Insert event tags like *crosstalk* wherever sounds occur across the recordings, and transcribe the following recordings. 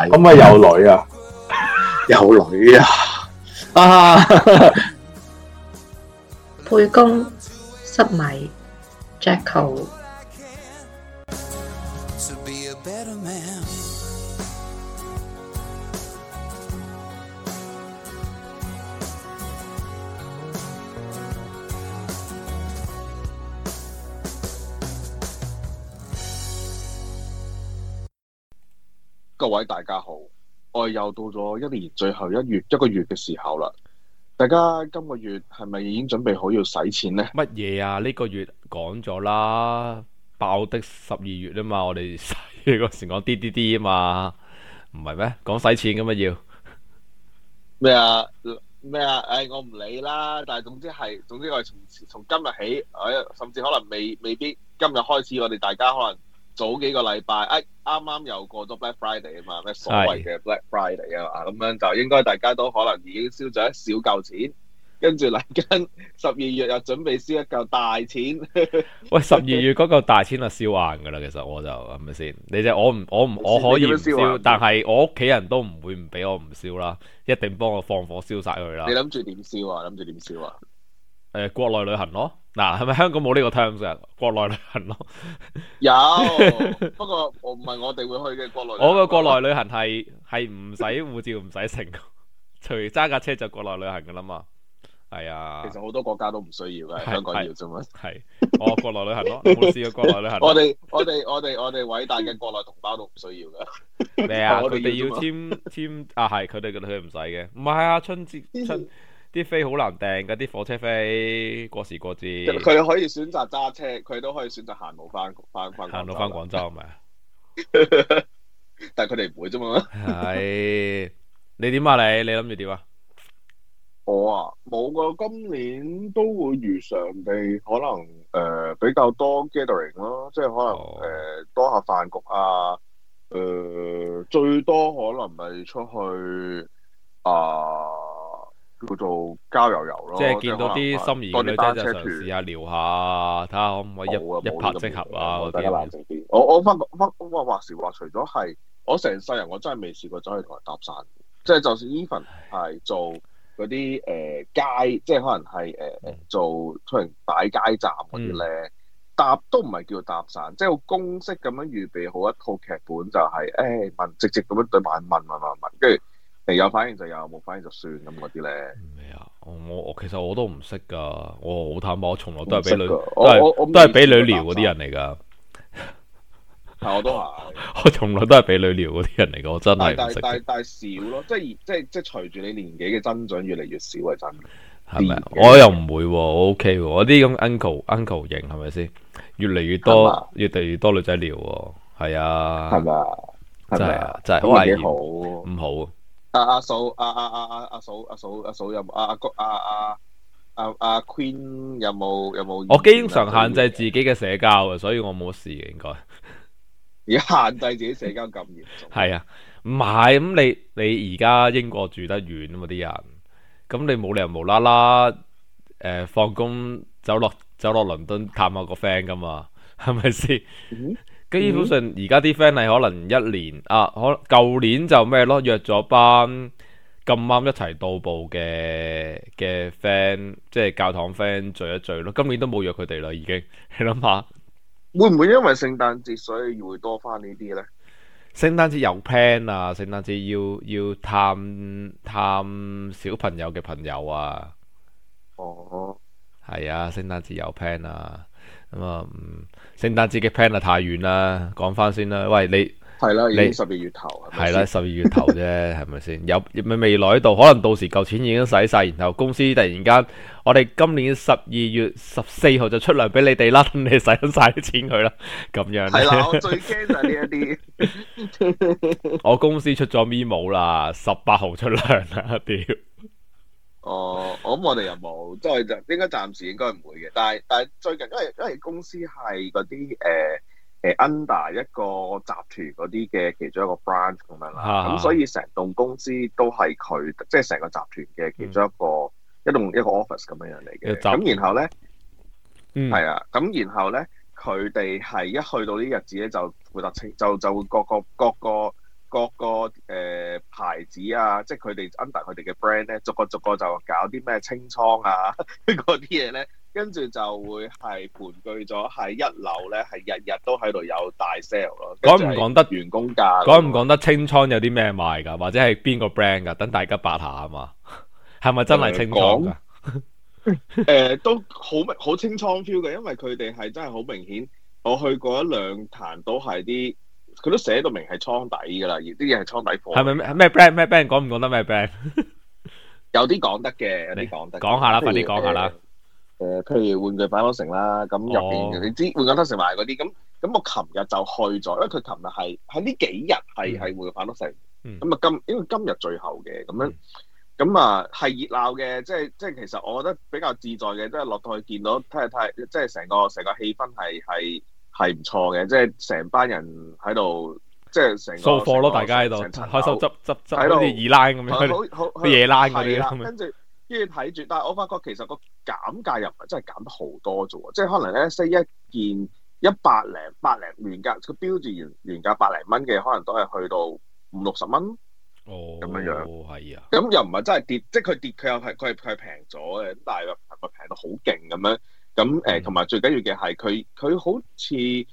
咁啊，有女啊， *laughs* 有女啊，啊，沛公、塞米、Jetco。各位大家好，我又到咗一年最後一月一個月嘅時候啦。大家今個月係咪已經準備好要使錢呢？乜嘢啊？呢個月講咗啦，爆的十二月啊嘛，我哋嗰時講啲啲啲啊嘛，唔係咩？講使錢噶嘛，要咩啊？咩啊？唉、哎，我唔理啦。但係總之係，總之我哋從從今日起，我甚至可能未未必今日開始，我哋大家可能。早幾個禮拜，哎，啱啱又過咗 Black Friday 啊嘛，咩所謂嘅 Black Friday 啊嘛，咁樣就應該大家都可能已經燒咗一小嚿錢，跟住嚟緊十二月又準備燒一嚿大錢。喂，十二月嗰嚿大錢啊燒硬噶啦，其實我就係咪先？你就我唔我唔我可以唔燒，但係我屋企人都唔會唔俾我唔燒啦，一定幫我放火燒晒佢啦。你諗住點燒啊？諗住點燒啊？誒，國內旅行咯。嗱、啊，係咪香港冇呢個 terms 啊？國內旅行咯，有，不過不我唔係我哋會去嘅國內。我嘅國內旅行係係唔使護照，唔使成，除揸架車就國內旅行噶啦嘛。係啊。其實好多國家都唔需要嘅，香港要啫嘛。係、哦， *laughs* 我國內旅行咯，我試過國內旅行。我哋我哋我哋我哋偉大嘅國內同胞都唔需要噶。咩 *laughs* 啊？佢哋要簽簽 *laughs* 啊？係，佢哋佢哋唔使嘅。唔係啊，春節春。啲飛好難訂嘅，啲火車飛過時過節。佢可以選擇揸車，佢都可以選擇行路翻翻翻。行路翻廣州係咪？ *laughs* 是不是 *laughs* 但係佢哋唔會啫嘛。係 *laughs* 你點啊？你你諗住點啊？我啊冇啊，今年都會如常地可能誒、呃、比較多 gathering 咯、啊，即係可能誒、oh. 呃、多下飯局啊，誒、呃、最多可能係出去啊。呃叫做交油游咯，即係見到啲心儀的女仔就嘗試下聊下，睇下可唔可以一一拍即合啊？大家冷靜啲。我我翻個翻話話時話，除咗係我成世人，我，我真係未試過走去同人搭訕。即係就算 even 係做嗰啲誒街，即係可能係誒、呃、做，譬如擺街站嗰啲咧，搭都唔係叫搭訕、嗯，即係公式咁樣預備好一套劇本，就係、是、誒、哎、問，直直咁樣對問問問問問，跟住。誒，有反應就有，冇反應就算咁嗰啲咧。咩啊？我我我其實我都唔識噶，我好坦白，我從來都係俾女，的都係都係俾女聊嗰啲人嚟噶。但我都話， *laughs* 我從來都係俾女聊嗰啲人嚟噶，我真係。但係少咯，即係即係即係隨住你年紀嘅增長，越嚟越少係真。係咪、嗯？我又唔會喎，O K，嗰啲咁 uncle uncle 型係咪先？越嚟越多，是越嚟越多女仔聊。係啊，係嘛、啊？真係啊，真係都係幾好、啊，唔好。.阿、啊、嫂，阿阿阿阿嫂，阿、啊、嫂阿嫂有阿阿阿阿 Queen 有、啊、冇？有、啊、冇、啊？我經常限制自己嘅社交啊，所以我冇事嘅，應該。而家限制自己社交咁嚴重？係 *laughs* 啊，唔係咁你你而家英國住得遠啊嘛啲人，咁你冇理由無啦啦誒放工走落走落倫敦探下個 friend 噶嘛？係咪先？嗯嗯、基本上而家啲 friend 係可能一年啊，可舊年就咩咯，約咗班咁啱一齊到步嘅嘅 friend，即係教堂 friend 聚一聚咯。今年都冇約佢哋啦，已經。你諗下，會唔會因為聖誕節所以會多返呢啲呢？聖誕節有 plan 啊，聖誕節要要探探小朋友嘅朋友啊。哦，係啊，聖誕節有 plan 啊。咁、嗯、啊，聖誕節嘅 plan 啊太遠啦，講翻先啦。喂，你係啦，你，已經十二月頭係啦，十二月頭啫，係咪先？有未未來喺度，可能到時舊錢已經使晒，然後公司突然間，我哋今年十二月十四號就出糧俾你哋啦，你使晒啲錢佢啦，咁樣係啦。我最驚就呢一啲， *laughs* 這些 *laughs* 我公司出咗 memo 啦，十八號出糧啦屌！哦、呃，我咁我哋又冇，即係就應該暫時應該唔會嘅。但係但係最近，因為因為公司係嗰啲誒誒 under 一個集團嗰啲嘅其中一個 brand 咁、啊、樣啦，咁所以成棟公司都係佢，即係成個集團嘅其中一個、嗯、一棟一個 office 咁樣樣嚟嘅。咁然後咧，係、嗯、啊，咁然後咧，佢哋係一去到呢日子咧，就會答清，就就會各個各個。各個誒、呃、牌子啊，即係佢哋 under 佢哋嘅 brand 咧，逐個逐個就搞啲咩清倉啊嗰啲嘢咧，跟 *laughs* 住就會係盤踞咗喺一樓咧，係日日都喺度有大 sale 咯。講唔講得員工價？講唔講得清倉有啲咩賣㗎？或者係邊個 brand 㗎？等大家八下啊嘛，係咪真係清倉㗎？誒、呃 *laughs* 呃，都好好清倉 feel 嘅，因為佢哋係真係好明顯。我去過一兩壇都係啲。佢都寫到明係倉底噶啦，而啲嘢係倉底貨。係咪咩咩 brand 咩 brand 講唔講得咩 brand 有啲講得嘅，有啲講得的。講下啦，快啲講下啦。誒、呃，譬如玩具反斗城啦，咁入邊你知玩具反斗城賣嗰啲，咁咁我琴日就去咗，因為佢琴日係喺呢幾日係係玩具反斗城。咁啊今因為今日最後嘅，咁樣咁啊係熱鬧嘅，即係即係其實我覺得比較自在嘅、就是，即係落到去見到睇下睇，即係成個成個氣氛係係。係唔錯嘅，即係成班人喺度，即係成掃貨咯，大家喺度開心執執執，好似二拉咁樣，好野拉咁樣。跟住跟住睇住，但係我發覺其實個減價又唔係真係減得好多啫，即係可能咧，say 一件一百零八零原價，佢標住原原價百零蚊嘅，可能都係去到五六十蚊哦咁樣樣。係啊，咁又唔係真係跌，即係佢跌佢，佢又係佢係平咗嘅，咁但係唔係平到好勁咁樣。咁同埋最緊要嘅係佢，佢好似即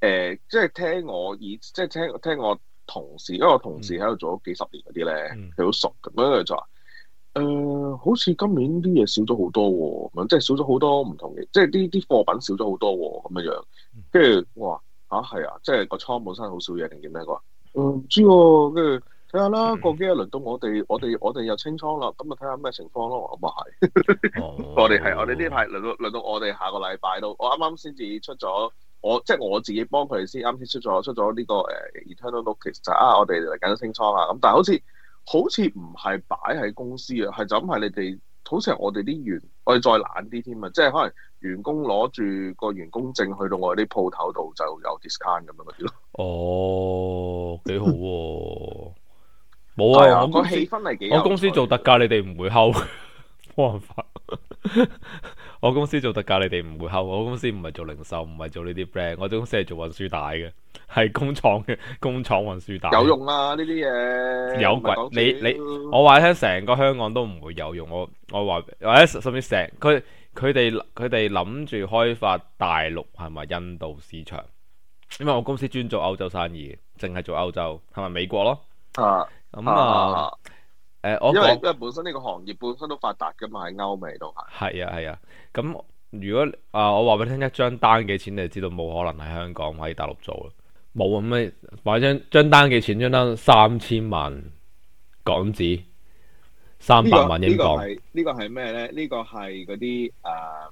係聽我以，即、係聽聽、我同事，因為我同事喺度做咗幾十年嗰啲咧，佢、mm-hmm. 好熟咁樣就話、呃，好似今年啲嘢少咗好多喎、啊，即、就、係、是、少咗好多唔同嘅，即係啲啲貨品少咗好多喎、啊，咁樣樣，跟住我話係啊，即係個倉本身好少嘢定點咩？佢話，唔、嗯、知喎、啊，跟住。睇下啦，過幾日輪到我哋，我哋我哋又清倉啦，咁咪睇下咩情況咯。咁啊係，我哋係、哦、 *laughs* 我哋呢排輪到輪到我哋下個禮拜度。我啱啱先至出咗，我即係我自己幫佢哋先，啱先出咗出咗呢個誒、欸、internal notice 就係、啊，我哋嚟緊清倉啦。咁但係好似好似唔係擺喺公司啊，係就咁、是、係你哋，好似係我哋啲員，我哋再懶啲添啊，即係可能員工攞住個員工證去到我哋啲鋪頭度就有 discount 咁樣嗰啲咯。哦，幾好喎、啊！ *laughs* 冇啊、哦我的氣氛的！我公司做特價，你哋唔會摳。冇辦法。 *laughs* 我公司做特價，你哋唔會摳。我公司唔係做零售，唔係做呢啲 brand。我哋公司係做運輸帶嘅，係工廠嘅工，工廠運輸帶有用啊！呢啲嘢有鬼？你你我話你聽，成個香港都唔會有用。我我話或者甚至成佢佢哋佢哋諗住開發大陸係咪印度市場？因為我公司專做歐洲生意，淨係做歐洲係咪美國咯？啊！咁、嗯、啊，誒、啊，我因為因為本身呢個行業本身都發達噶嘛，喺歐美度係。係啊係啊，咁、啊、如果啊，我話俾你聽一張單幾錢，你就知道冇可能喺香港，可以喺大陸做啦。冇咁咩買張張單幾錢？張單三千萬港紙，三百萬英鎊。呢個係呢個係咩咧？呢個係嗰啲誒。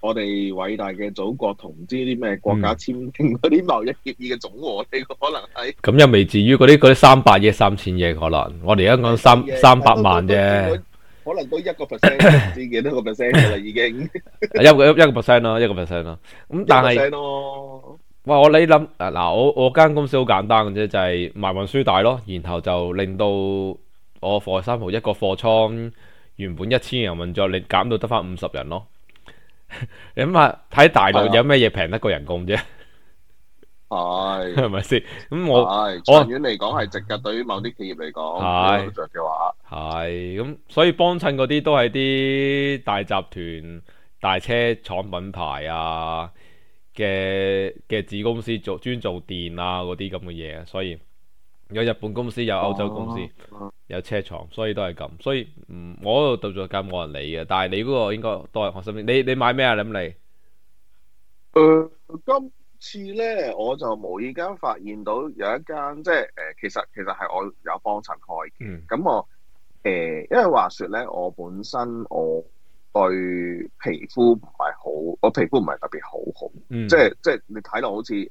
我哋偉大嘅祖國同唔知啲咩國家簽訂嗰啲貿易協議嘅總和，你可能係咁又未至於嗰啲嗰啲三百億三千億可能，我哋而家講三三百萬啫，可能都一個 percent 唔知幾多個 percent 噶啦已經，一個一個 percent 咯，一個 percent 咯，咁但係哇我你諗啊嗱我我間公司好簡單嘅啫，就係賣運輸帶咯，然後就令到我貨代三號一個貨倉原本一千人運作，你減到得返五十人咯。你諗下，睇大陸有咩嘢平得過人工啫？係係咪先？咁 *laughs* 是、啊、 *laughs* 我長我長遠嚟講係值得，對於某啲企業嚟講，係着嘅話，係咁、啊，所以幫襯嗰啲都係啲大集團、大車廠品牌啊嘅嘅子公司做專做電啊嗰啲咁嘅嘢，所以有日本公司，有歐洲公司。啊啊有車窗，所以都係咁，所以嗯，我嗰度做咗間冇人理嘅，但係你嗰個應該都係學識啲。你你買咩啊？你咁嚟、呃？今次咧我就無意間發現到有一間即係誒、呃，其實其實係我有幫襯開嘅。咁、嗯、我誒、呃，因為話說咧，我本身我對皮膚唔係好，我皮膚唔係特別好好、嗯即，即係即係你睇落好似誒誒，塊、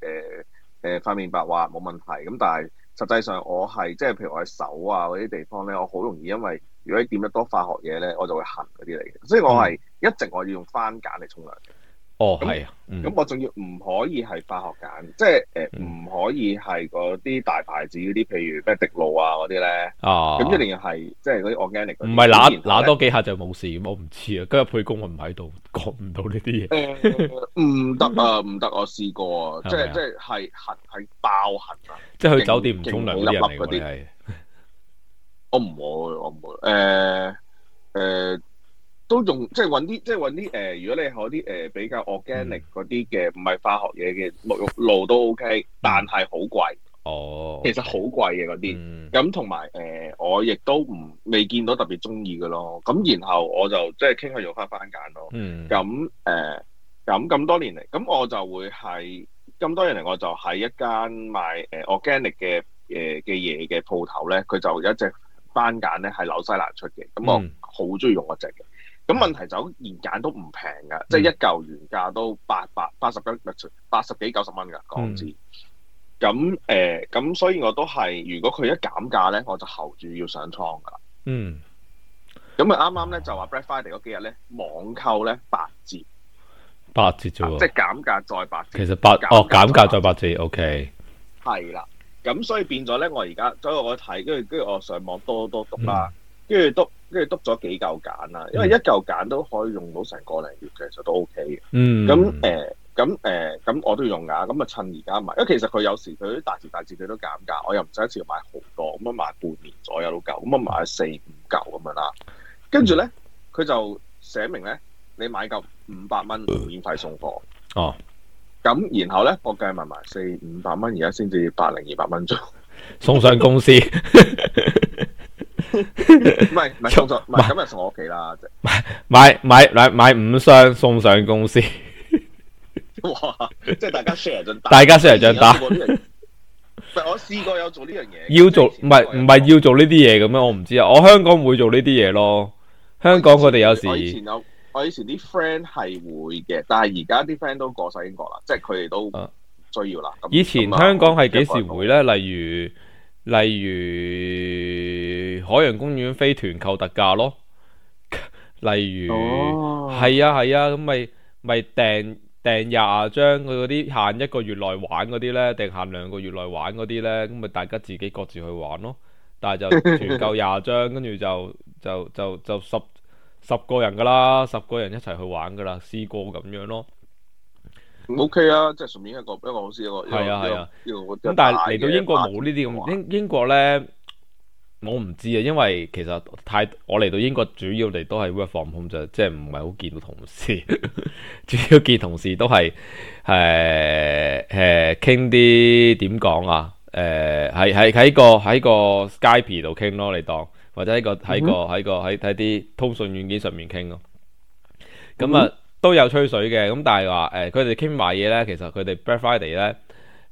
呃呃、面白滑冇問題，咁但係。實際上我係即係譬如我喺手啊嗰啲地方咧，我好容易因為如果掂得多化學嘢咧，我就會痕嗰啲嚟嘅，所以我係一直我要用番梘嚟沖涼。哦，咁、啊，咁我仲要唔可以係化學揀，即係誒唔可以係嗰啲大牌子嗰啲，譬如咩滴露啊嗰啲咧。啊，咁一定要係即係嗰啲 organic。唔係揦揦多幾下就冇事，我唔知啊。今日沛公我唔喺度，講唔到呢啲嘢。唔、嗯、得啊，唔得，我試過啊，即係即係係痕係爆痕啊。即係去酒店唔沖涼啲人嚟嗰啲。我唔會，我唔會。誒、嗯、誒。嗯嗯都用即係揾啲，即係揾啲誒。如果你喺啲誒比較 organic 嗰啲嘅，唔、嗯、係化學嘢嘅沐浴露都 OK，但係好貴。哦，其實好貴嘅嗰啲。咁同埋誒，我亦都唔未見到特別中意嘅咯。咁然後我就即係傾係用返番梘咯。咁、嗯、誒，咁咁、呃、多年嚟，咁我就會喺咁多年嚟，我就喺一間賣誒 organic 嘅嘅嘅嘢嘅鋪頭咧，佢、呃、就有一隻番梘咧係紐西蘭出嘅，咁我好中意用一隻嘅。嗯咁問題就係，連減都唔平噶，即係一嚿原價都八百八十幾、八十幾、九十蚊噶港紙。咁、嗯、誒，咁、呃、所以我都係，如果佢一減價咧，我就候住要上倉噶啦。嗯。咁啊，啱啱咧就話 Black Friday 嗰幾日咧，網購咧八折，八折啫喎，即係減價再八折。其實八哦減價再八折、哦、OK。係啦，咁所以變咗咧，我而家所以我睇，跟住跟住我上網多多篤啦，跟住篤。跟住篤咗幾嚿梘啦，因為一嚿梘都可以用到成個零月其實都 OK 嘅。嗯，咁誒，咁、呃、誒，咁、呃、我都用噶。咁啊，趁而家買，因為其實佢有時佢大時大節佢都減價，我又唔使一次買好多，咁啊買半年左右都夠，咁啊買四五嚿咁樣啦。跟住咧，佢就寫明咧，你買夠五百蚊免費送貨哦。咁然後咧，我計埋埋四五百蚊，而家先至八零二百蚊咗，送上公司。 *laughs* *laughs* 唔係唔係送咗，唔係今日送我屋企啦。即係買買買買五箱送上公司。哇！即係大家 share 陣，大家 share 陣打。這個、 *laughs* 我試過有做呢樣嘢，要做唔係唔係要做呢啲嘢咁咩？我唔知啊。我香港會做呢啲嘢咯。香港佢哋有時我以前有，我以前啲 friend 係會嘅，但係而家啲 friend 都過晒英國啦，即係佢哋都唔需要啦、啊。以前香港係幾時會咧？例如。例如海洋公園非團購特價咯，例如係啊係啊，咁咪咪訂訂廿張佢嗰啲限一個月內玩嗰啲呢；定限兩個月內玩嗰啲呢？咁咪大家自己各自去玩咯。但係就團購廿張，跟 *laughs* 住就就就就，就十十個人噶啦，十個人一齊去玩噶啦，試過咁樣咯。O、okay, K 啊，即係順便一個、啊、一個老師一個係啊係啊，咁但係嚟到英國冇呢啲咁，英英國咧我唔知啊，因為其實太我嚟到英國主要嚟都係 work from home 就即係唔係好見到同事呵呵，主要見同事都係誒誒傾啲點講啊，誒係係喺個喺個 Skype 度傾咯，你當或者喺個喺、嗯、個喺個喺喺啲通訊軟件上面傾咯，咁、嗯、啊。嗯都有吹水嘅，咁但係話誒，佢哋傾買嘢呢，其實佢哋 Black Friday 呢、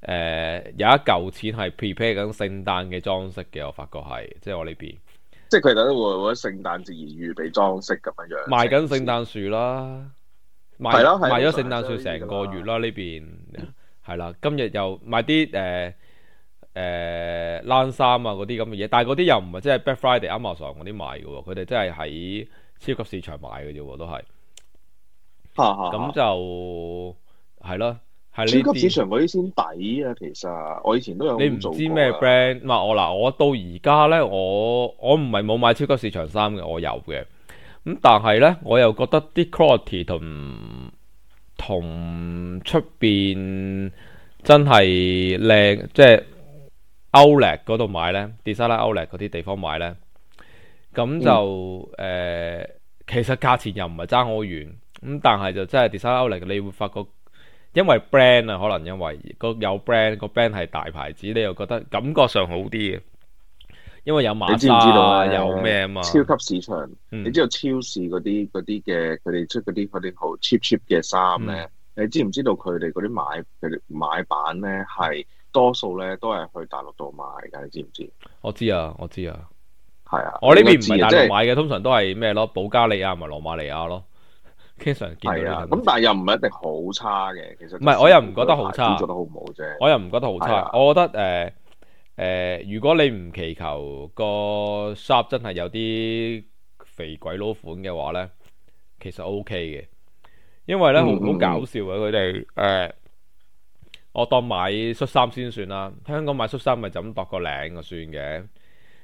呃，有一嚿錢係 prepare 緊聖誕嘅裝飾嘅，我發覺係，即、就、係、是、我呢邊，即係佢哋都為咗聖誕節而預備裝飾咁樣樣。賣緊聖誕樹啦，賣咗聖誕樹成個月啦，呢邊係啦、嗯，今日又賣啲誒冷衫啊嗰啲咁嘅嘢，但係嗰啲又唔係即係 Black Friday Amazon 嗰啲賣嘅喎，佢哋真係喺超級市場買嘅啫，都係。咁 *music* 就係咯，係呢啲超級市場嗰啲先抵啊！其實我以前都有過你唔知咩 brand？唔我嗱，我到而家咧，我我唔係冇買超級市場衫嘅，我有嘅。咁但係咧，我又覺得啲 quality 同同出邊真係靚，即係 outlet 嗰度買咧，designer outlet 嗰啲地方買咧，咁就誒、嗯呃，其實價錢又唔係爭好遠。咁但係就真係 discount 嚟嘅，你會發覺因為 brand 啊，可能因為個有 brand 個 brand 係大牌子，你又覺得感覺上好啲嘅。因為有馬莎，你知唔知道啊？有咩啊嘛？超級市場，嗯、你知道超市嗰啲啲嘅佢哋出嗰啲啲好 cheap cheap 嘅衫咧？你知唔知道佢哋嗰啲買佢哋買版咧係多數咧都係去大陸度買噶？你知唔知道？我知啊，我知啊，係啊，我呢邊唔係大陸買嘅，通常都係咩咯？保加利亞同埋羅馬尼亞咯。經常見到啦，咁，但係又唔係一定好差嘅。其實唔係，我又唔覺得好差，我又唔覺得好差，我又唔覺得好差嘅。我覺得誒誒、呃呃，如果你唔祈求個衫真係有啲肥鬼佬款嘅話咧，其實 OK 嘅，因為咧好、嗯、搞笑嘅佢哋誒，我當買恤衫先算啦。香港買恤衫咪就咁度個領就算嘅。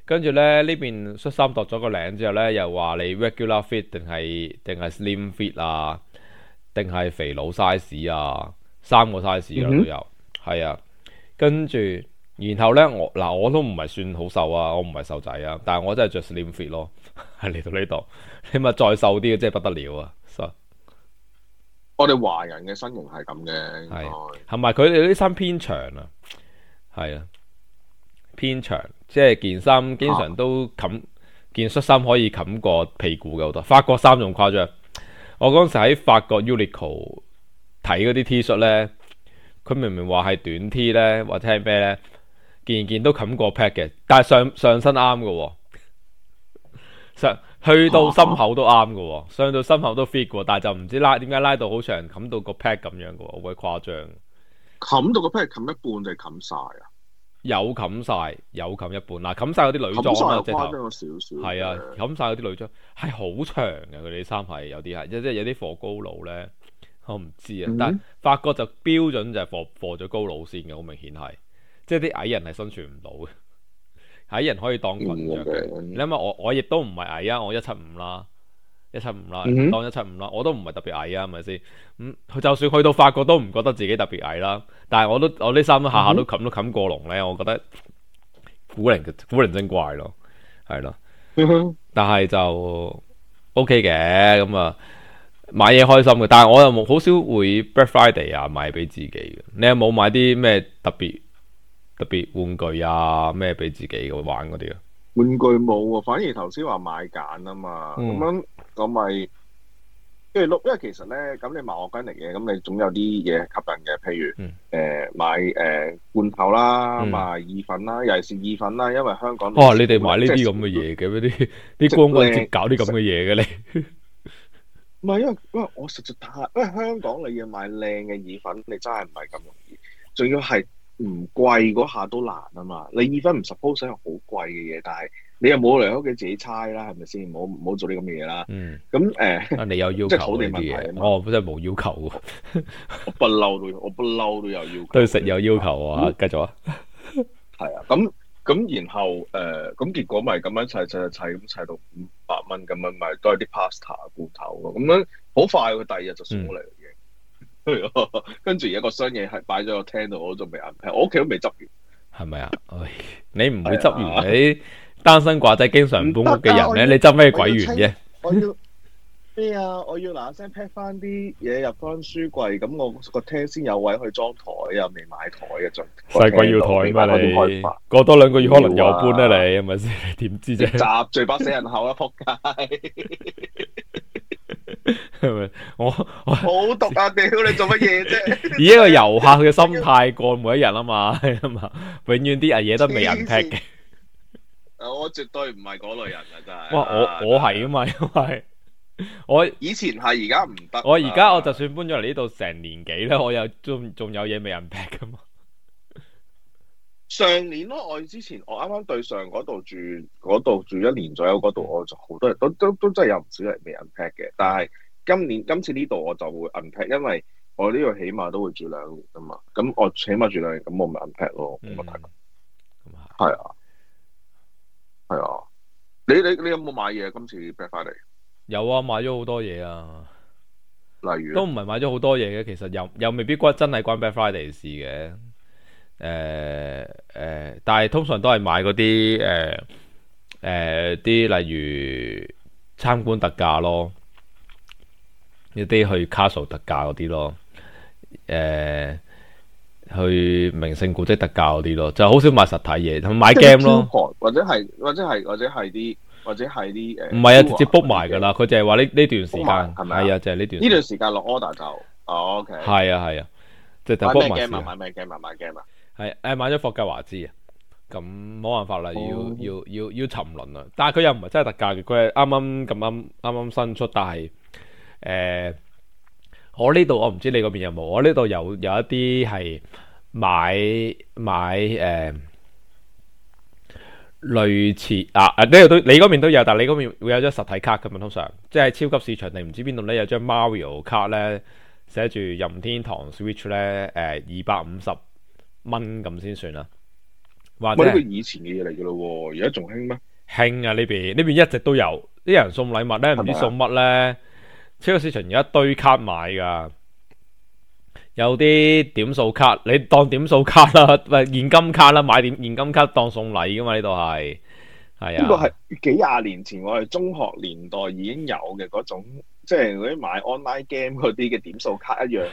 跟住咧呢邊恤衫度咗個領之後咧，又話你 regular fit 定係定係 slim fit 啊，定係肥佬 size 啊，三個 size 嘅、啊、都有，係、嗯、啊。跟住然後咧我嗱我都唔係算好瘦啊，我唔係瘦仔啊，但係我真係着 slim fit 咯，嚟到呢度，你咪再瘦啲嘅真係不得了啊！所以我哋華人嘅身形係咁嘅，係同埋佢哋啲衫偏長啊，係啊，偏長。即係件衫，經常都冚件恤衫可以冚過屁股嘅。好多法國衫仲誇張。我嗰陣時喺法國 Uniqlo 睇嗰啲 T 恤咧，佢明明話係短 T 咧，或者係咩咧，件件都冚過 pad 嘅。但係上上身啱嘅，上去到心口都啱嘅，上到心口都 fit 嘅、啊。但係就唔知拉點解拉到好長，冚到個 pad 咁樣嘅，好鬼誇張。冚到個 pad 冚一半就係冚晒啊！有冚晒，有冚一半嗱，冚晒嗰啲女裝啦，即係，係啊，冚晒嗰啲女裝係好長嘅。佢哋啲衫係有啲係即係有啲過高佬咧，我唔知啊、嗯。但係法國就標準就係過過咗高佬線嘅，好明顯係，即係啲矮人係生存唔到嘅，矮人可以當裙著嘅、嗯。你諗下，我我亦都唔係矮啊，我一七五啦。一七五啦，當一七五啦，我都唔係特別矮啊，係咪先？咁就算去到法國都唔覺得自己特別矮啦。但係我都我啲衫下下都冚都冚過籠呢、嗯。我覺得古靈古靈精怪咯，係咯、嗯。但係就 O K 嘅咁啊，買嘢開心嘅。但係我又冇好少會 Black Friday 啊買俾自己嘅。你有冇買啲咩特別特別玩具啊咩俾自己玩嗰啲啊？玩具冇喎，反而頭先話買揀啊嘛，咁、嗯、樣。咁咪即係碌，因為其實咧，咁你買我軍嚟嘅，咁你總有啲嘢吸引嘅，譬如誒、嗯呃、買誒、呃、罐頭啦，買意粉啦、嗯，尤其是意粉啦，因為香港有哦，你哋買呢啲咁嘅嘢嘅咩啲啲光棍節搞啲咁嘅嘢嘅咧？唔係因為，因為我實在太，因為香港你要買靚嘅意粉，你真係唔係咁容易，仲要係唔貴嗰下都難啊嘛！你意粉唔 suppose 係好貴嘅嘢，但係。你又冇嚟屋企自己猜啦，係咪先？唔好做啲咁嘅嘢啦。嗯。咁、嗯、誒、啊，你有要求呢啲嘢啊？哦，真係冇要求喎。我不嬲都，我不嬲都有要求。 *laughs* 對食有要求啊？嗯、繼續啊。係、呃、啊，咁咁然後誒，咁結果咪咁樣砌，砌砌咁砌到五百蚊咁樣，咪都係啲 pasta 罐頭咯。咁樣好快，佢第二日就送過嚟嘅。嗯、 *laughs* 跟住而家個箱嘢係擺咗個聽到，我仲未 unpack。我屋企都未執完，係咪啊，哎、啊？你唔會執完你？單身寡仔經常搬屋嘅人咧，你執咩鬼完啫？我要咩啊？我要嗱嗱聲 pack 翻啲嘢入翻書櫃，咁我個廳先有位去裝台，又未買台嘅，仲細鬼要台嘛你？你過多兩個月可能又搬啦你，係咪先？你點知啫？渣聚白死人口啦、啊，仆街！係咪？ *laughs* *laughs* 我，我好毒啊！屌 *laughs* 你做乜嘢啫？以 *laughs* 一個遊客嘅心態過每一日啊嘛，係 *laughs* 嘛？永遠啲人嘢都未人 pack。嘅。我絕對唔係嗰類人噶，真係。哇，我是我係啊嘛，因為我以前係，而家唔得。我而家我就算搬咗嚟呢度成年幾啦， *laughs* 我還有仲仲有嘢未 unpack 噶嘛？上年咯，我之前我啱啱對上嗰度住，嗰度住一年左右，嗰度我就好多人都都都、都真係有唔少人未 unpack 嘅。但係今年今次呢度我就會 unpack，因為我呢度起碼都會住兩年啊嘛。咁我起碼住兩年，咁我咪 unpack 咯。咁、嗯嗯、啊，係啊。 *noise* 你你你有冇買嘢今次 Black Friday？有啊，買咗好多嘢啊，例如都唔係買咗好多嘢嘅，其實又又未必真關真係關 Black Friday 的事嘅，誒、呃、誒、呃，但係通常都係買嗰啲誒誒啲，例如參觀特價咯，一啲去 Castle 特價嗰啲咯，誒、呃。去名勝古蹟特價嗰啲咯，就好少買實體嘢，同埋買 game 咯，或者係或者係或者係啲或者係啲誒，唔係啊，直接 book 埋噶啦，佢就係話呢呢段時間係咪啊？就係呢段呢段時間落 order 就 OK，係啊係啊，即係 book 埋。買咩 game 啊？買咩 game 啊？買 game 啊？係誒，買咗霍格華茲之啊，咁冇辦法啦，要要要要沉淪啦，但係佢又唔係真係特價嘅，佢係啱啱咁啱啱啱新出，但係誒。我呢度我唔知你嗰邊有冇，我呢度有有，有，有一啲係買買誒、呃、類似啊啊呢度都你嗰邊都有，但係你嗰邊會有張實體卡噶嘛？通常即係超級市場定唔知邊度呢？有張 Mario 卡呢，寫住任天堂 Switch 呢，呃，誒二百五十蚊咁先算啦。或者以前嘅嘢嚟噶咯，而家仲興咩？興啊呢邊呢邊一直都有，啲人送禮物送呢，唔知送乜呢。超市場有一堆卡買㗎，有啲點數卡，你當點數卡啦，咪現金卡啦，買點現金卡當送禮㗎嘛？呢度係係啊，呢個係幾廿年前我哋中學年代已經有嘅嗰種，即係嗰啲買 online game 嗰啲嘅點數卡一樣。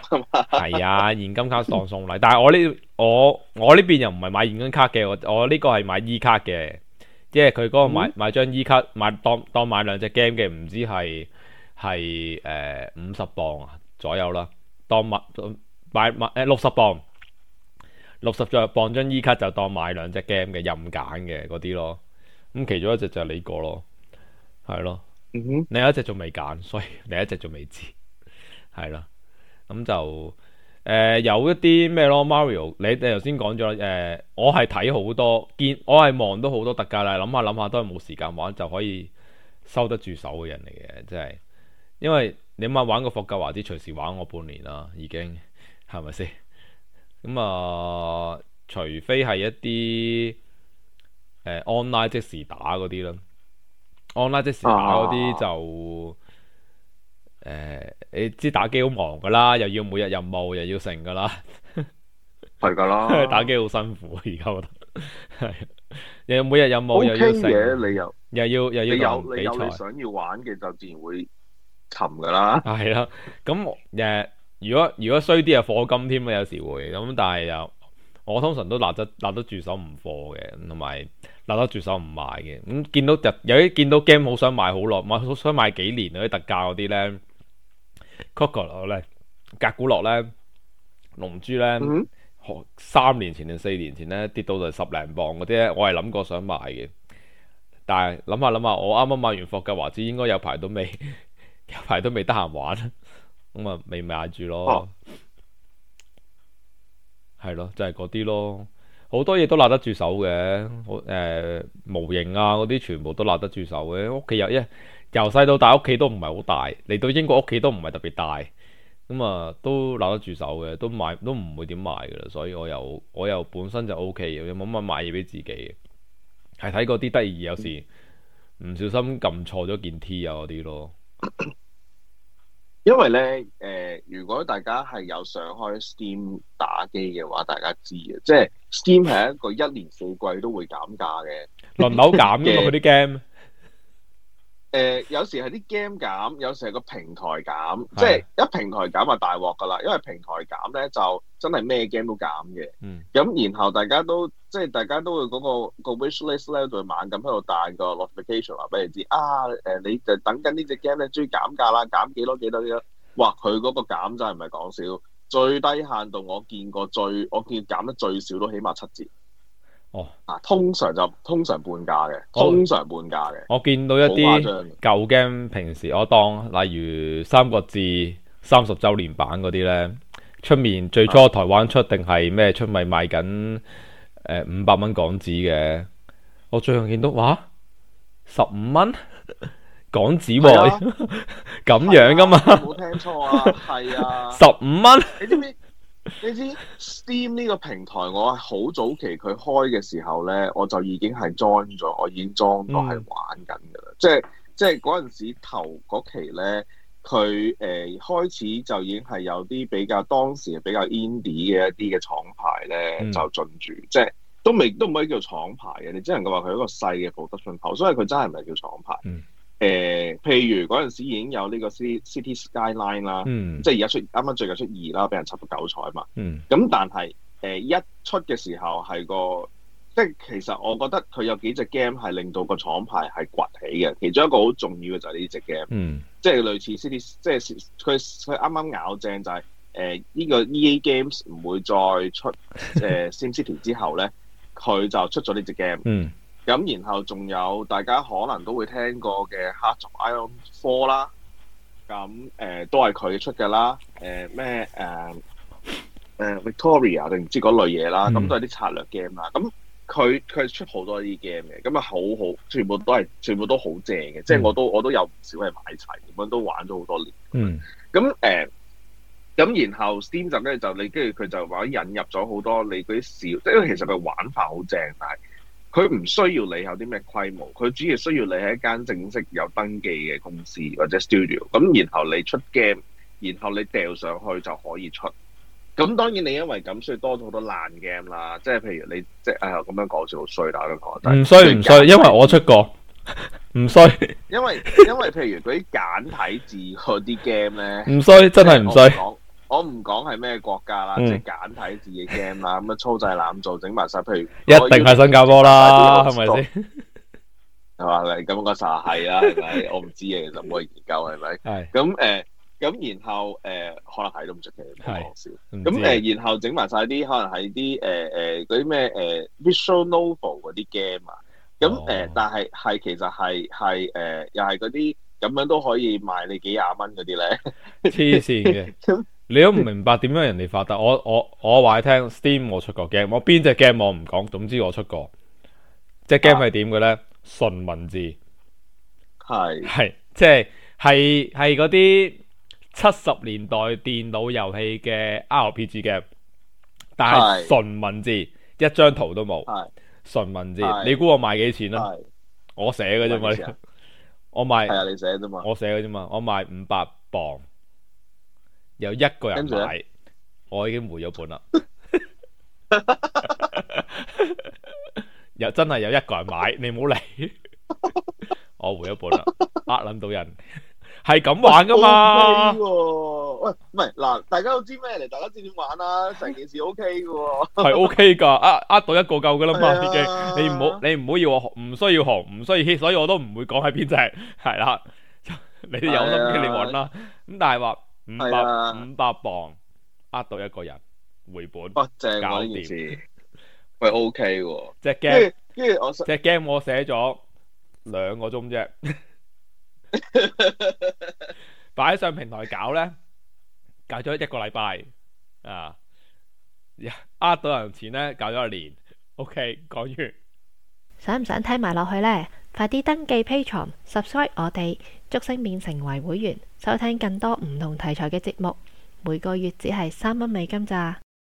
係啊，現金卡當送禮， *laughs* 但係我呢我我呢邊又唔係買現金卡嘅，我我呢個係買 E 卡嘅，即係佢嗰個買、嗯、買張 E 卡買當當買兩隻 game 嘅，唔知係。係誒五十磅啊，左右啦。當買當買買六十、欸、磅，六十張磅張 E 卡就當買兩隻 game 嘅任揀嘅嗰啲咯。咁其中一隻就係你個咯，係咯、嗯哼。你有一隻仲未揀，所以你一隻仲未知係啦。咁就誒、呃、有一啲咩咯，Mario，你你頭先講咗誒，我係睇好多，見我係望到好多特價啦。諗下諗下都係冇時間玩就可以收得住手嘅人嚟嘅，真係。因為你諗下玩過霍格華茲隨時玩我半年啦，已經係咪先？咁啊、呃，除非係一啲誒、呃、online 即時打嗰啲啦，online 即時打嗰啲就誒、啊呃，你知打機好忙噶啦，又要每日任務，又要成噶啦，係噶啦，打機好辛苦，而家覺得係，要每日任務又要成，好啊、你又又要又要有，有比賽，有你想要玩嘅就自然會。沉噶啦，係啦，咁誒，如果如果衰啲又課金添啦，有時會咁，但係又我通常都立得拿得住手唔課嘅，同埋立得住手唔買嘅。咁見到有啲見到 game 好想買好耐，買好想買幾年啊啲特價嗰啲呢 Coca 樂咧，格古樂咧，龍珠咧，三年前定四年前咧跌到就十零磅嗰啲咧，我係諗過想買嘅，但係諗下諗下，我啱啱買完霍格華茲應該有排都未。一排都未得閒玩，咁啊未買住咯，係咯，就係嗰啲咯，好多嘢都攞得住手嘅，我、呃、誒模型啊嗰啲全部都攞得住手嘅。屋企又一由細到大屋企都唔係好大，嚟到英國屋企都唔係特別大，咁啊都攞得住手嘅，都買都唔會點買噶啦。所以我又我又本身就 O K 嘅，有冇乜買嘢俾自己，係睇嗰啲得意，有時唔小心撳錯咗件 T 啊嗰啲咯。 *coughs* 因為咧，誒、呃，如果大家係有上開 Steam 打機嘅話，大家知嘅，即、就、係、是、Steam 係一個一年四季都會減價嘅，輪流減噶嘛，佢啲 game。誒、呃、有時係啲 game 減，有時係個平台減，即係一平台減咪大鑊㗎啦。因為平台減咧就真係咩 game 都減嘅。嗯。咁然後大家都即係大家都會嗰、嗰個、嗰個 wish list 咧喺度猛咁喺度彈個 notification 話俾、啊、你知啊，你就等緊呢隻 game 咧，終於減價啦，減幾多幾多幾多幾多。哇！佢嗰個減就係唔係講笑，最低限度我見過最我見減得最少都起碼七折。哦，啊、哦，通常就通常半價嘅，通常半價嘅。我見到一啲舊 game，平時我當，例如三國志三十周年版嗰啲呢，出面最初台灣出定係咩出，咪賣緊五百蚊港紙嘅。我最後見到，哇、啊，十五蚊港紙、啊，咁、啊、 *laughs* 樣噶、啊、嘛？冇聽錯啊，係啊，十五蚊。你知唔知？你知 Steam 呢個平台，我好早期佢開嘅時候咧，我就已經係裝咗，我已經裝咗係玩緊噶啦。即係即係嗰陣時頭嗰期咧，佢誒、呃、開始就已經係有啲比較當時比較 indie 嘅一啲嘅廠牌咧，就進駐、嗯，即係都未都唔可以叫廠牌嘅，你只能夠話佢一個細嘅獲德信口，所以佢真係唔係叫廠牌。嗯誒、呃，譬如嗰陣時已經有呢個 City City Skyline 啦，嗯，即係而家出，啱啱最近出二啦，俾人插到九彩嘛，嗯，咁但係、呃、一出嘅時候係個，即係其實我覺得佢有幾隻 game 係令到個廠牌係崛起嘅，其中一個好重要嘅就係呢隻 game，嗯，即係類似 City，即係佢佢啱啱咬正就係、誒、呢、呃呢個 EA Games 唔會再出誒、呃、SimCity 之後咧，佢就出咗呢隻 game，嗯。嗯。咁然後仲有大家可能都會聽過嘅《Hearts of Iron IV》啦，咁誒、呃、都係佢出嘅啦。誒咩誒誒 Victoria 定唔知嗰類嘢啦？咁都係啲策略 game 啦。咁佢佢出好多啲 game 嘅，咁啊好好，全部都係全部都好正嘅、嗯。即係我都我都有唔少係買齊，咁樣都玩咗好多年。嗯。咁誒，咁、呃、然後 Steam 就咧就你跟住佢就話引入咗好多你嗰啲小，因為其實佢玩法好正，但係。佢唔需要你有啲咩規模，佢主要需要你喺一間正式有登記嘅公司或者 studio，咁然後你出 game，然後你掉上去就可以出。咁當然你因為咁，所以多咗好多爛 game 啦。即係譬如你即係咁樣講笑，好衰啦咁得唔衰唔衰，因為我出過，唔衰。因為因為譬如佢啲簡體字嗰啲 game 咧，唔衰，真係唔衰。我唔講係咩國家啦，即係簡體字嘅 game 啦，咁樣粗製濫造整埋晒，譬如一定係新加坡啦，係咪先？係嘛，咁個時係啦，係咪？我唔知嘅，其實冇去研究，係咪？係咁誒，咁然後誒，可能係都唔出奇，講笑咁誒，然後整埋晒啲可能係啲誒誒嗰啲咩誒 visual novel 嗰啲 game 啊，咁誒，但係係其實係係誒，又係嗰啲咁樣都可以賣你幾廿蚊嗰啲咧，黐線嘅。你都唔明白點樣人哋發達，我我我話你聽，Steam 我出過 game，我邊隻 game 我唔講，總之我出過隻 game 係點嘅呢、啊？純文字，係係即係係係嗰啲七十年代電腦遊戲嘅 RPG game，但係純文字，一張圖都冇，純文字。你估我賣幾錢，錢啊？我寫嘅啫嘛，我賣、係啊，你寫啫嘛，我寫嘅啫嘛，我賣五百磅。.有一個人買，我已經回咗本啦。又真係有一個人買， *laughs* 你唔好嚟，我回咗本啦。呃捻到人係咁玩噶嘛、okay 啊？喂，唔係嗱，大家都知咩嚟，大家知點玩啦。成件事 O K 噶，係 O K 噶，呃呃到一個夠噶啦嘛。已 *laughs* 經、啊、你唔好你唔好要，要我唔需要學，唔需要所以我都唔會講喺邊隻係啦。你有心嘅你搵啦。咁、啊、但係話。五百五百磅，呃到一個人回本，正搞掂。喂 O K 喎，隻 game 跟隻 game 我寫咗兩個鐘啫，擺 *laughs* *laughs* 上平台搞咧，搞咗一個禮拜啊，呃、uh, 到人錢咧，搞咗一年，O K 講完，想唔想聽埋落去咧？快啲登記 Patreon subscribe 我哋竹升麵，成為會員，收聽更多唔同題材嘅節目。每個月只係三蚊美金咋。